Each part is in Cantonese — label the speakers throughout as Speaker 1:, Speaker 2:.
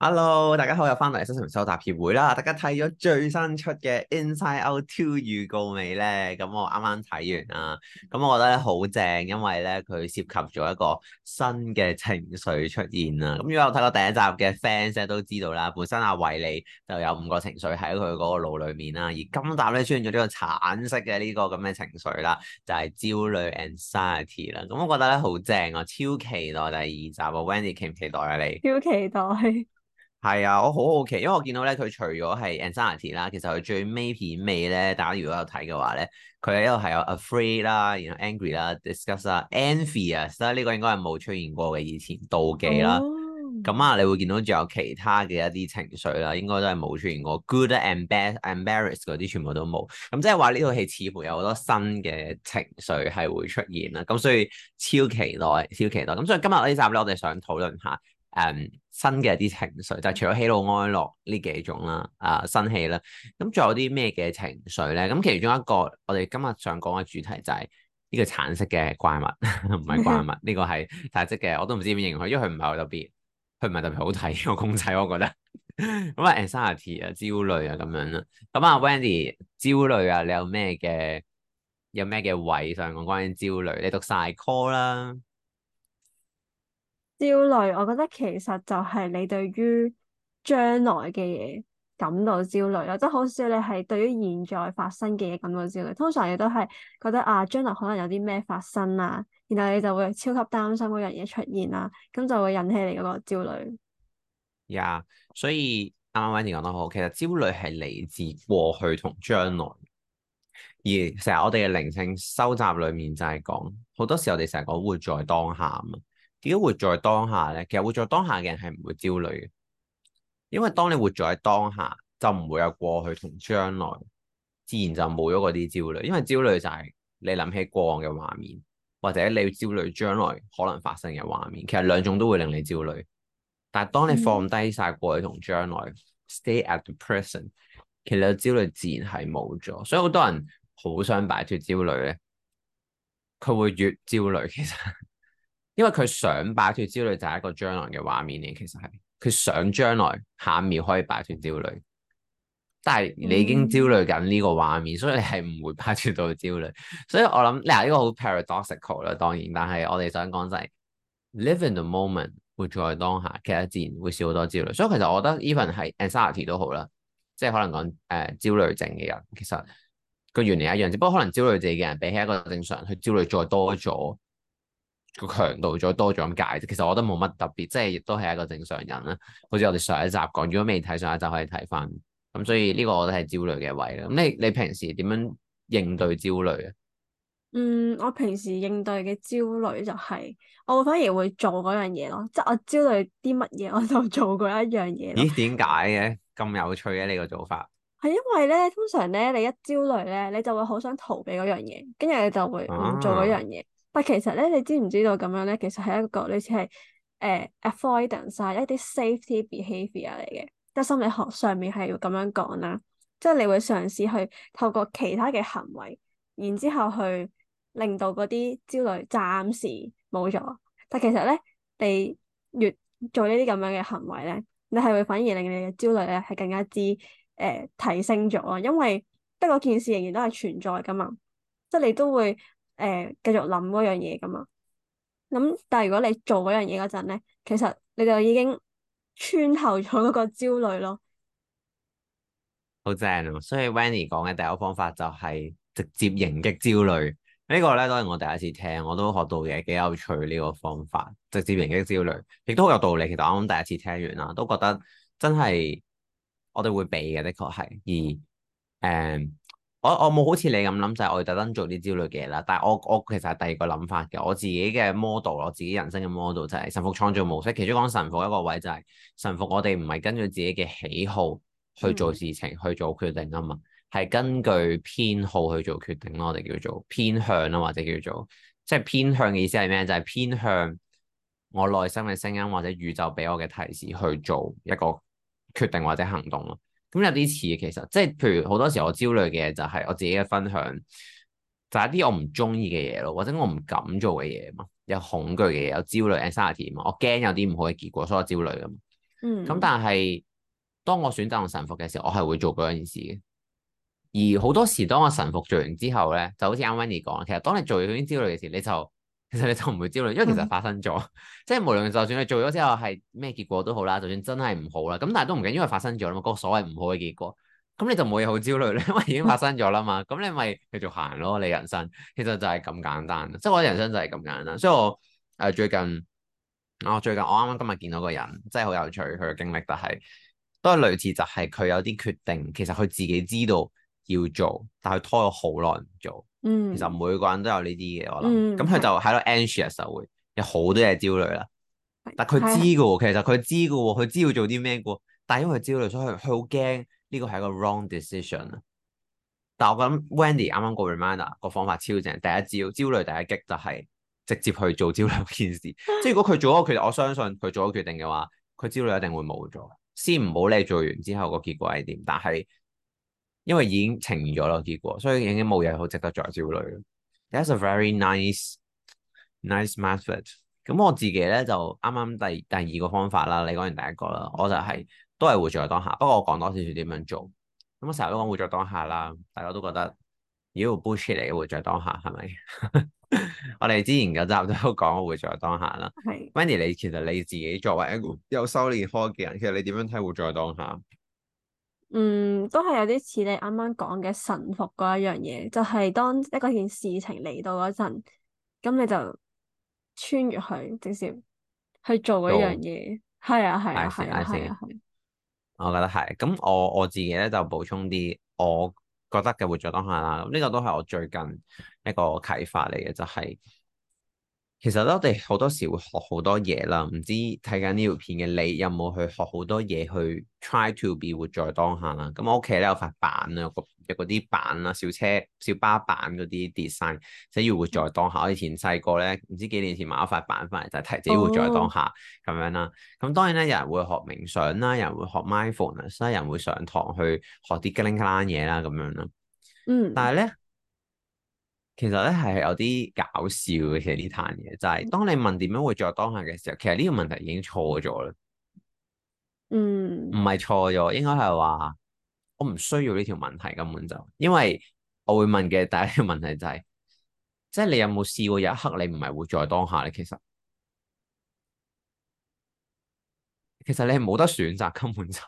Speaker 1: Hello，大家好，又翻嚟《身心靈修習協會》啦。大家睇咗最新出嘅《Inside Out Two》預告未咧？咁、嗯、我啱啱睇完啊，咁、嗯、我覺得咧好正，因為咧佢涉及咗一個新嘅情緒出現啦。咁因為我睇過第一集嘅 fans 都知道啦，本身阿維利就有五個情緒喺佢嗰個腦裏面啦，而今集咧出現咗呢個橙色嘅呢個咁嘅情緒啦，就係、是、焦慮 and anxiety 啦、嗯。咁、嗯、我覺得咧好正啊，超期待第二集啊，Wendy，期唔期待啊你，
Speaker 2: 超期待。
Speaker 1: 係啊，我好好奇，因為我見到咧，佢除咗係 anxiety 啦，其實佢最尾片尾咧，大家如果有睇嘅話咧，佢喺度係有 afraid 啦，然後 angry 啦，disgust 啦，envy 啊，所以呢個應該係冇出現過嘅，以前妒忌啦，咁、oh. 啊，你會見到仲有其他嘅一啲情緒啦，應該都係冇出現過，good and bad，embarrass 嗰啲全部都冇，咁即係話呢套戲似乎有好多新嘅情緒係會出現啦，咁所以超期待，超期待，咁所以今日呢集咧，我哋想討論下。誒，um, 新嘅啲情緒就係，除咗喜怒哀樂呢幾種啦，啊，生氣啦，咁仲有啲咩嘅情緒咧？咁其中一個我哋今日想講嘅主題就係呢個橙色嘅怪物，唔 係怪物，呢 個係泰積嘅，我都唔知點形容佢，因為佢唔係好特別，佢唔係特別好睇個公仔，我覺得。咁啊，anxiety 啊，焦慮啊，咁樣啦。咁啊，Wendy，焦慮啊，你有咩嘅有咩嘅位想講關於焦慮？你讀晒 i call 啦。
Speaker 2: 焦慮，我覺得其實就係你對於將來嘅嘢，感到焦慮咯，即係好少你係對於現在發生嘅嘢感到焦慮。通常你都係覺得啊，將來可能有啲咩發生啊，然後你就會超級擔心嗰樣嘢出現啦，咁就會引起你嗰個焦慮。呀
Speaker 1: ，yeah, 所以啱啱溫田講得好，其實焦慮係嚟自過去同將來，而成日我哋嘅靈性修習裏面就係講，好多時候我哋成日講活在當下啊。點解活在當下咧？其實活在當下嘅人係唔會焦慮嘅，因為當你活在當下，就唔會有過去同將來，自然就冇咗嗰啲焦慮。因為焦慮就係你諗起過往嘅畫面，或者你要焦慮將來可能發生嘅畫面。其實兩種都會令你焦慮。但係當你放低晒過去同將來，嗯，stay at the present，其實個焦慮自然係冇咗。所以好多人好想擺脫焦慮咧，佢會越焦慮其實。因為佢想擺脫焦慮，就係一個將來嘅畫面嘅，其實係佢想將來下一秒可以擺脫焦慮，但係你已經焦慮緊呢個畫面，所以你係唔會擺脫到焦慮。所以我諗嗱，呢個好 paradoxical 啦，當然，但係我哋想講就係、是、live in the moment，活在當下，其實自然會少好多焦慮。所以其實我覺得，even 係 anxiety 都好啦，即係可能講誒、呃、焦慮症嘅人，其實個原理一樣，只不過可能焦慮症嘅人比起一個正常去焦慮再多咗。個強度再多咗，咁解，其實我覺得冇乜特別，即係亦都係一個正常人啦。好似我哋上一集講，如果未睇上一集可以睇翻。咁所以呢個我都係焦慮嘅位啦。咁你你平時點樣應對焦慮
Speaker 2: 啊？嗯，我平時應對嘅焦慮就係、係、我反而會做嗰樣嘢咯，即係我焦慮啲乜嘢我就做嗰一樣嘢。咦？
Speaker 1: 點解嘅咁有趣嘅呢個做法？
Speaker 2: 係因為咧，通常咧你一焦慮咧，你就會好想逃避嗰樣嘢，跟住你就會唔做嗰樣嘢。啊。但其實咧，你知唔知道咁樣咧？其實係一個類似係誒、呃、avoidance 啊一啲 safety behavior 嚟嘅，即係心理學上面係要咁樣講啦。即係你會嘗試去透過其他嘅行為，然之後去令到嗰啲焦慮暫時冇咗。但其實咧，你越做呢啲咁樣嘅行為咧，你係會反而令你嘅焦慮咧係更加之誒、呃、提升咗，因為得嗰件事仍然都係存在噶嘛。即係你都會。誒、嗯、繼續諗嗰樣嘢咁嘛。咁但係如果你做嗰樣嘢嗰陣咧，其實你就已經穿透咗嗰個焦慮咯。
Speaker 1: 好正啊！所以 Winnie 講嘅第一個方法就係直接迎擊焦慮，這個、呢個咧都係我第一次聽，我都學到嘢幾有趣。呢個方法直接迎擊焦慮亦都好有道理。其實我啱啱第一次聽完啦，都覺得真係我哋會避嘅，的確係而誒。嗯我、就是、我冇好似你咁諗就係我哋特登做啲焦慮嘅嘢啦，但係我我其實係第二個諗法嘅，我自己嘅 model 我自己人生嘅 model 就係臣服創造模式，其中講臣服一個位就係臣服，我哋唔係根據自己嘅喜好去做事情、嗯、去做決定啊嘛，係根據偏好去做決定咯，我哋叫做偏向啊或者叫做即係偏向嘅意思係咩？就係、是、偏向我內心嘅聲音或者宇宙俾我嘅提示去做一個決定或者行動咯。咁有啲似嘅，其實即係譬如好多時我焦慮嘅就係我自己嘅分享，就係一啲我唔中意嘅嘢咯，或者我唔敢做嘅嘢嘛，有恐懼嘅嘢，有焦慮 anxiety 嘛，我驚有啲唔好嘅結果，所以我焦慮嘅嘛。嗯。
Speaker 2: 咁但
Speaker 1: 係當我選擇用神服嘅時候，我係會做嗰件事嘅。而好多時當我神服做完之後咧，就好似啱 Winnie 講，其實當你做嘢已經焦慮嘅時，你就。其實你就唔會焦慮，因為其實發生咗，嗯、即係無論就算你做咗之後係咩結果都好啦，就算真係唔好啦，咁但係都唔緊，因為發生咗啦嘛，嗰、嗰個所謂唔好嘅結果，咁你就冇嘢好焦慮咧，因為已經發生咗啦嘛，咁你咪繼續行咯，你人生其實就係咁簡單，即係我人生就係咁簡單，所以我誒、呃、最近，我、啊、最近我啱啱今日見到個人，真係好有趣，佢嘅經歷、就係，但係都係類似就係佢有啲決定，其實佢自己知道。要做，但佢拖咗好耐唔做。嗯，其實每個人都有呢啲嘢，我諗。咁佢、嗯、就喺度 anxious 就會有好多嘢焦慮啦。但佢知㗎喎，的其實佢知㗎喎，佢知要做啲咩㗎喎。但因為焦慮，所以佢好驚呢個係一個 wrong decision 啦。但我諗 Wendy 啱啱個 reminder 個方法超正，第一招焦慮第一擊就係直接去做焦慮件事。 即係如果佢做咗個決定，我相信佢做咗決定嘅話，佢焦慮一定會冇咗。先唔好理做完之後個結果係點，但係。因為已經呈現咗結果，所以已經冇嘢好值得再焦慮。That's a very nice, nice method。咁我自己咧就啱啱第第二個方法啦，你講完第一個啦，我就係、是、都係活在當下。不過我講多少少點樣做。咁我成日都講活在當下啦，大家都覺得，咦，bullshit 嚟嘅活在當下係咪？ 我哋之前嗰集都講活在當下啦。係是。Wendy，你其實你自己作為一個有修練開嘅人，其實你點樣睇活在當下？
Speaker 2: 嗯，都係有啲似你啱啱講嘅臣服嗰一樣嘢，就係、是、當一個件事情嚟到嗰陣，咁你就穿越去，直接去做嗰樣嘢。係做啊係啊係啊係
Speaker 1: 啊，啊我覺得係，咁我我自己咧就補充啲我覺得嘅活在當下啦。咁、這、呢個都係我最近一個啟發嚟嘅，就係、是。其實咧，我哋好多時會學好多嘢啦。唔知睇緊呢條片嘅你有冇去學好多嘢去 try to be 活在當下啦？咁我屋企咧有塊板啊，有嗰啲板啦，小車、小巴板嗰啲 design，即要活在當下。以前細個咧，唔知幾年前買咗塊板翻嚟就係提自己活在當下咁樣啦。咁當然咧，有人會學冥想啦，有人會學 mindfulness，所以有人會上堂去學啲吉靈卡蘭嘢啦，咁樣啦。嗯，但係咧。其實咧係有啲搞笑嘅，其實呢壇嘢就係、是、當你問點樣活在當下嘅時候，其實呢個問題已經錯咗
Speaker 2: 啦。嗯，
Speaker 1: 唔係錯咗，應該係話我唔需要呢條問題根本就，因為我會問嘅第一條問題就係、是，即、就、係、是、你有冇試過有一刻你唔係活在當下咧？其實，其實你係冇得選擇，根本就，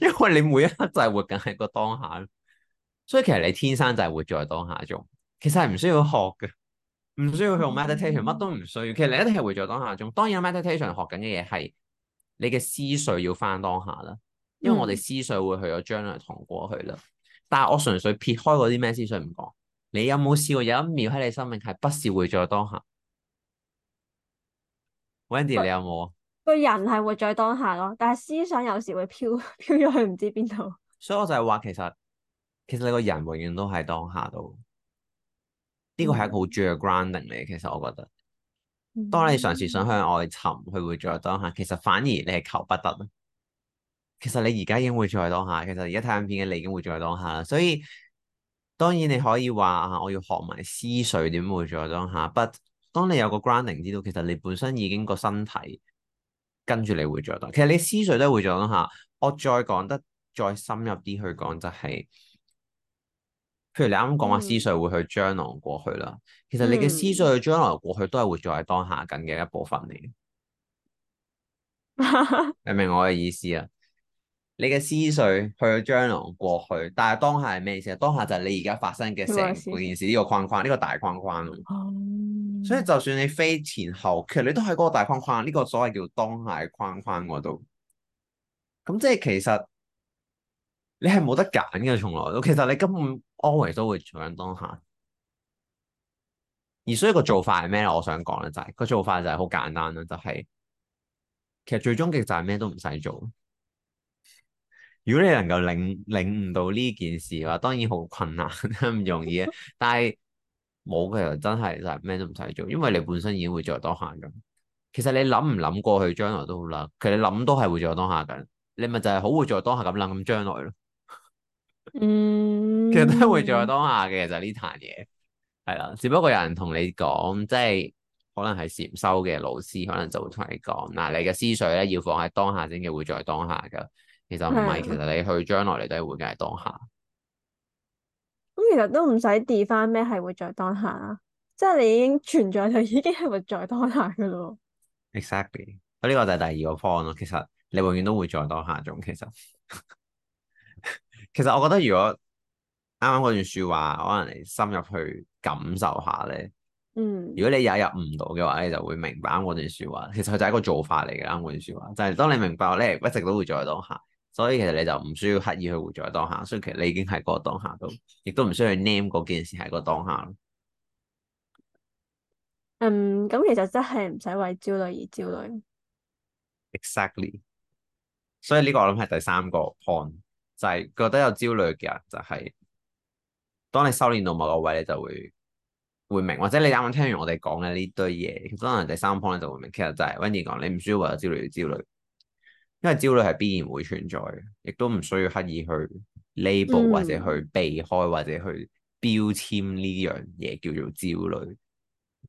Speaker 1: 因為你每一刻就係活緊喺個當下，所以其實你天生就係活在當下中。其實係唔需要學嘅，唔需要去用 meditation，乜都唔需要。其實你一定係活在當下中。當然，有 meditation 學緊嘅嘢係你嘅思緒要返當下啦，因為我哋思緒會去咗將來同過去啦。嗯，但係我純粹撇開嗰啲咩思緒唔講，你有冇試過有一秒喺你生命係唔係活在當下？Wendy，你有冇？
Speaker 2: 個人係活在當下咯，但係思想有時會飄飄咗去唔知邊度。
Speaker 1: 所以我就係話，其實其實你個人永遠都喺當下度。呢個係一個好重要嘅 grounding 嚟，其實我覺得。當你嘗試想向外尋，佢會在當下。其實反而你係求不得咯。其實你而家已經會在當下，其實而家睇緊片嘅你已經會在當下啦。所以當然你可以話我要學埋思緒點會在當下。But 當你有個 grounding 知道，其實你本身已經個身體跟住你會在當。其實你思緒都係會在當下。我再講得再深入啲去講，就是，就係。譬如你啱啱講話思緒會去將來、過去啦，其實你嘅思緒去將來、過去都係會活喺當下緊嘅一部分嚟， 明唔明我嘅意思啊？你嘅思緒去咗將來、過去，但係當下係咩意思啊？當下就係你而家發生嘅成件事呢 個框框，呢、呢個大框框。 所以就算你飛前後，其實你都喺嗰個大框框，呢、呢個所謂叫當下框框嗰度。咁即係其實你係冇得揀嘅，從來都。其實你根本。always 都會做在當下，而所以個做法係咩？我想講咧、就係，就係個做法就係好簡單啦，就係、係、其實最終極就係咩都唔使做。如果你能夠領領悟到呢件事嘅話，當然好困難，唔 容易嘅。但係冇嘅時真係就係咩都唔使做，因為你本身已經會在當下緊。其實你諗唔諗過去將來都好啦，其實你諗都係會在當下緊。你咪就係好會在當下咁諗咁將來咯。嗯，其實都會在當下嘅，就呢壇嘢係啦。只不過有人同你講，即係可能係禪修嘅老師，可能就會同你講，嗱，你嘅思緒咧要放喺當下先嘅，會在當下噶其實唔係，的其實你去將來你都係活在當下。
Speaker 2: 咁、嗯、其實都唔使 declare 咩係活在當下啦，即係你已經存在就已經係活在當下噶咯。
Speaker 1: Exactly，啊呢個就係第二個方案咯。其實你永遠都會在當下，仲其實。其實我覺得如果啱啱嗰段說話，可能你深入去感受下咧。嗯，如果你有一日悟到嘅話，你就會明白嗰段說話。其實佢就係一個做法嚟嘅啦。嗰段說話就係、是、當你明白咧，一直都會在當下，所以其實你就唔需要刻意去活在當下。所以其實你已經係個當下度，亦都唔需要去 name 嗰件事喺個當下咯。嗯，
Speaker 2: 咁其實真係唔使為焦慮而焦慮。
Speaker 1: Exactly。所以呢個我諗係第三個 point。就係覺得有焦慮嘅人，就係、是、當你修煉到某個位，你就會會明，或者你啱啱聽完我哋講嘅呢堆嘢，可能第三方咧就會明，其實就係温怡講，你唔需要為咗焦慮而焦慮，因為焦慮係必然會存在，亦都唔需要刻意去 label 或者去避開或者去標籤呢樣嘢叫做焦慮。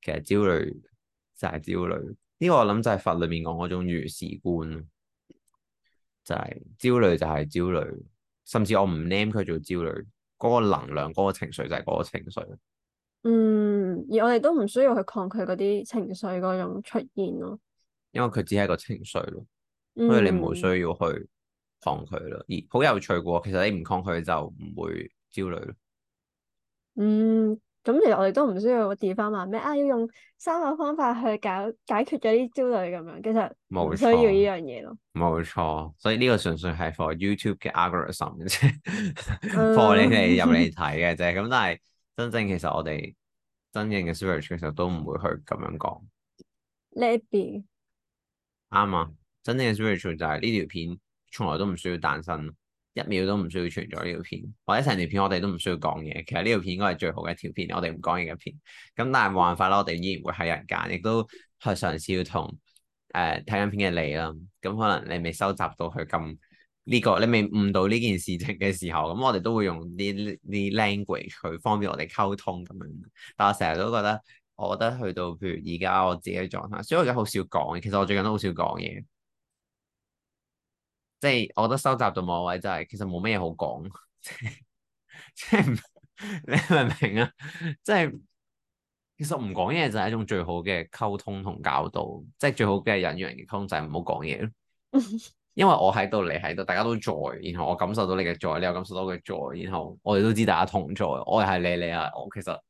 Speaker 1: 其實焦慮就係焦慮，呢、這個我諗就係佛裡面講嗰種如是觀。就係、是、焦慮就係焦慮，甚至我唔 name 佢做焦慮，嗰個能量嗰個情緒就係嗰個情緒。嗯，
Speaker 2: 而我哋都唔需要去抗拒嗰啲情緒嗰種出現咯，
Speaker 1: 因為佢只係一個情緒咯，
Speaker 2: 所以你冇需
Speaker 1: 要去抗拒咯。嗯，而好有趣嘅，其實你唔抗拒就唔會焦慮。嗯。
Speaker 2: 咁其實我哋都唔需要個第三方咩啊？要用三個方法去搞解決咗啲焦慮咁樣，其實冇需要呢樣嘢咯。
Speaker 1: 冇錯，錯，所以呢個純粹係 for YouTube 嘅 algorithm，for、uh, 你哋入嚟睇嘅啫。咁但係真正其實我哋真正嘅 spiritual 其實都唔會去咁樣講。
Speaker 2: 呢邊
Speaker 1: 啱啊！真正嘅 spiritual 就係呢條片從來都唔需要誕生。一秒都唔需要存咗呢條片，或者成條片我哋都唔需要講嘢。其實呢條片應該係最好嘅一條片，我哋唔講嘢嘅片。咁但係冇辦法咯，我哋依然會喺人間，亦都去嘗試要同誒，睇緊片嘅你啦。咁可能你未收集到佢咁呢個，你未悟到呢件事情嘅時候，咁我哋都會用呢啲 language 去方便我哋溝通咁樣。但我成日都覺得，我覺得去到譬如而家我自己嘅狀態，所以我而家好少講嘢。其實我最近都好少講嘢。即係我覺得收集到某位就係，其實冇咩嘢好講，即係你明唔明啊？即係其實唔講嘢就係一種最好嘅溝通同教導，即係最好嘅人與人嘅溝通就係唔好講嘢咯。因為我喺度，你喺度，大家都在，然後我感受到你嘅在，你又感受到我嘅在，然後我哋都知大家同在。我又係你，你又係我，其實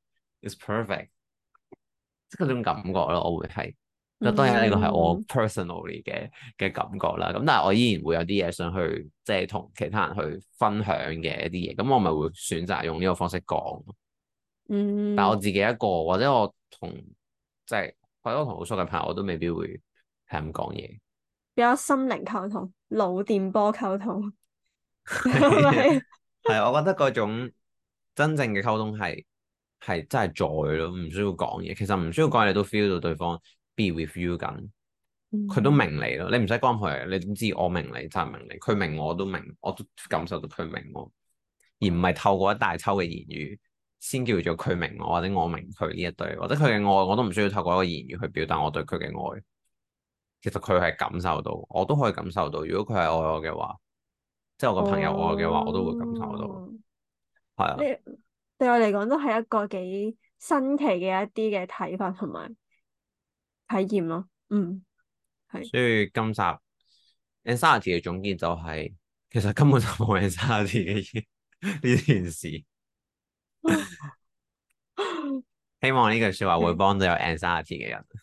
Speaker 1: It's perfect，即係嗰種感覺咯，我會係。咁當然呢個係我 personally 嘅嘅感覺啦，咁但係我依然會有啲嘢想去即係同其他人去分享嘅一啲嘢，咁我咪會選擇用呢個方式講。嗯，但係我自己一個，或者我同即係或者我同好熟嘅朋友，我都未必會係咁講嘢。
Speaker 2: 比較心靈溝通、腦電波溝通，
Speaker 1: 係，我覺得嗰種真正嘅溝通係係真係在咯，唔需要講嘢。其實唔需要講嘢都 feel 到對方。be with you 緊、嗯，佢都明你咯。你唔使講佢，你都知我明你，真係明你。佢明我都明，我都感受到佢明我，而唔係透過一大抽嘅言語先叫做佢明我或者我明佢呢一對，或者佢嘅愛我都唔需要透過一個言語去表達我對佢嘅愛。其實佢係感受到，我都可以感受到。如果佢係愛我嘅話，即係我個朋友愛我嘅話，哦、我都會感受到。係啊。
Speaker 2: 對我嚟講都係一個幾新奇嘅一啲嘅睇法，同埋，體驗咯，嗯，
Speaker 1: 係。所以今集 anxiety 嘅 總結就係、是，其實根本就冇 anxiety 嘅嘢呢件事。 希望呢句説話會幫到有 anxiety 嘅人。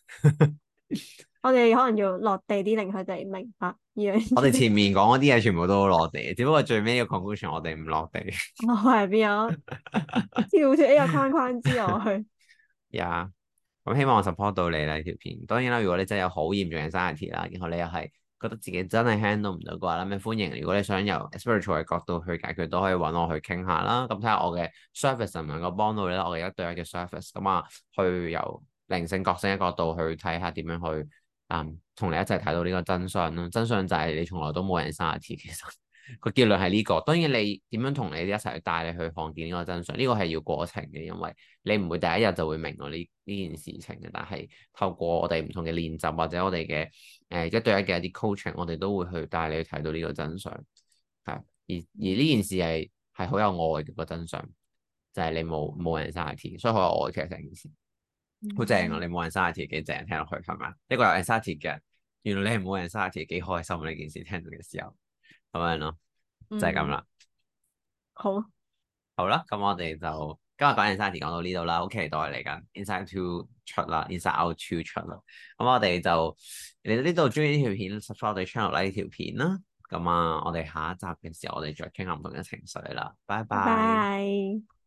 Speaker 2: 我哋可能要落地啲，令佢哋明白 我哋前
Speaker 1: 面講嗰啲嘢全部都好落地，只不過最尾嘅 conclusion 我哋唔落地。
Speaker 2: 我係邊啊？跳出呢個框框之外。去。
Speaker 1: 啊。咁希望我 support 到你啦，呢條片。當然啦，如果你真係有好嚴重嘅焦慮症啦，然後你又係覺得自己真係 handle 唔到嘅話，咁歡迎。如果你想由 spiritual 嘅角度去解決，都可以搵我去傾下啦。咁睇下我嘅 service 能唔能夠幫到你啦。我哋一對一嘅 service，咁啊，去由靈性覺醒嘅角度去睇下點樣去，嗯，同你一齊睇到呢個真相咯。真相就係你從來都冇焦慮症，其實。個結論係呢個，當然你點樣同你一齊帶你去看見呢個真相，呢個係要過程嘅，因為你唔會第一日就會明我呢呢件事情嘅。但係透過我哋唔同嘅練習或者我哋嘅誒一對一嘅一啲 coaching，我哋都會去帶你去睇到呢個真相。係而而呢件事係係好有愛嘅個真相，就係、是、你冇冇 anxiety，所以好有愛嘅成件事， 好正啊！你冇 anxiety 幾正，聽落去係咪？一、這個有 anxiety 嘅，原來你係冇 anxiety，幾開心呢件事聽到嘅時候。咁、嗯、樣咯，就係咁啦。
Speaker 2: 好，
Speaker 1: 好啦，咁我哋就今日講 Inside Out 講到呢度啦，好期待嚟緊 Inside Two 出啦，Inside Out Two 出啦。咁我哋就你呢度中意呢條片 follow 我哋 channel 啦，like 呢條片啦。咁啊，我哋下一集嘅時候，我哋再傾下唔同嘅情緒啦。拜拜。Bye bye
Speaker 2: bye bye